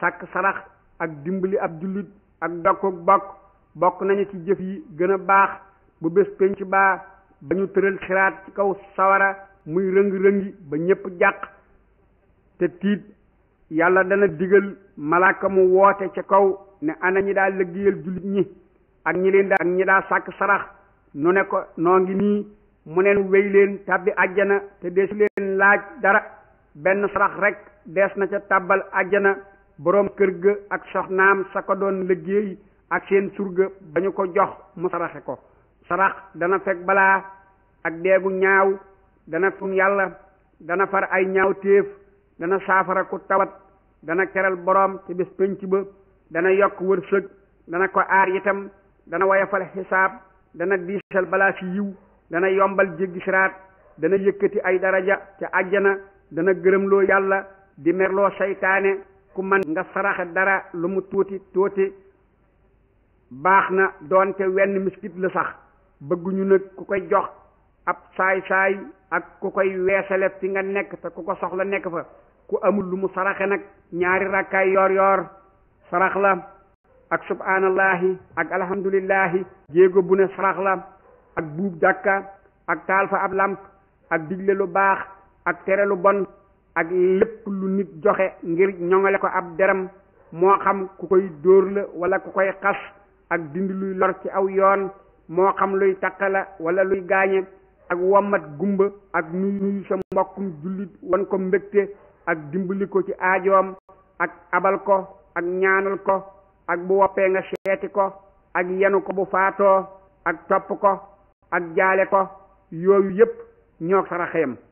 sàkk sarax ak dimbali ab jullit ak dakkook bokk bokk nañu ci jëf yi gën a baax bu bés ci baa ba ñu tëral xiraat ci kaw sawara muy rëng-rëngi ba ñépp jàq te tiit yàlla dana digal malaaka mu woote ci kaw ne ana ñi daa liggéeyal jullit ñi ak ñi leen ak ñi daa sàkk sarax nu ne ko noo ngi nii mu neen wéy leen tàbbi àjjana te deesu leen laaj dara benn sarax rekk dees na ca tàbbal àjjana borom kër ga ak soxnaam sa ko doon liggéey ak seen surga ba ñu ko jox mu saraxe ko sarax dana fekk balaa ak deegu ñaaw dana fum yàlla dana far ay ñaaw téef dana saafara ku tawat dana keral borom te bés pénc ba dana yokk wërsëg dana ko aar itam dana woyofal xisaab dana diisal balaa si yiw dana yombal jéggi siraat dana yëkkati ay daraja te àjjana dana gërëmloo yàlla di merloo saytaane ku man nga saraxe dara lu mu tuuti tuuti baax na doonte wenn miskit la sax bëgguñu nag ku koy jox ab saay-saay ak ku koy weesale fi nga nekk te ku ko soxla nekk fa ku amul lu mu saraxe nag ñaari rakkaay yoor yoor sarax la ak subhaanallahi ak alhamdulillahi jéego bu ne sarax la ak buub jàkka ak taal fa ab làmp ak digle lu baax ak tere lu bon ak lépp lu nit joxe ngir ñoŋale ko ab deram moo xam ku koy dóor la wala ku koy xas ak dindi luy lor ci aw yoon moo xam luy taqala wala luy gaañe ak womat gumba ak nuyu sa mbokkum jullit wan ko mbégte ak dimbali ko ci aajoom ak abal ko ak ñaanal ko ak bu woppee nga seeti ko ak yenu ko bu faatoo ak topp ko ak jaale ko yooyu yépp ñoo saraxeem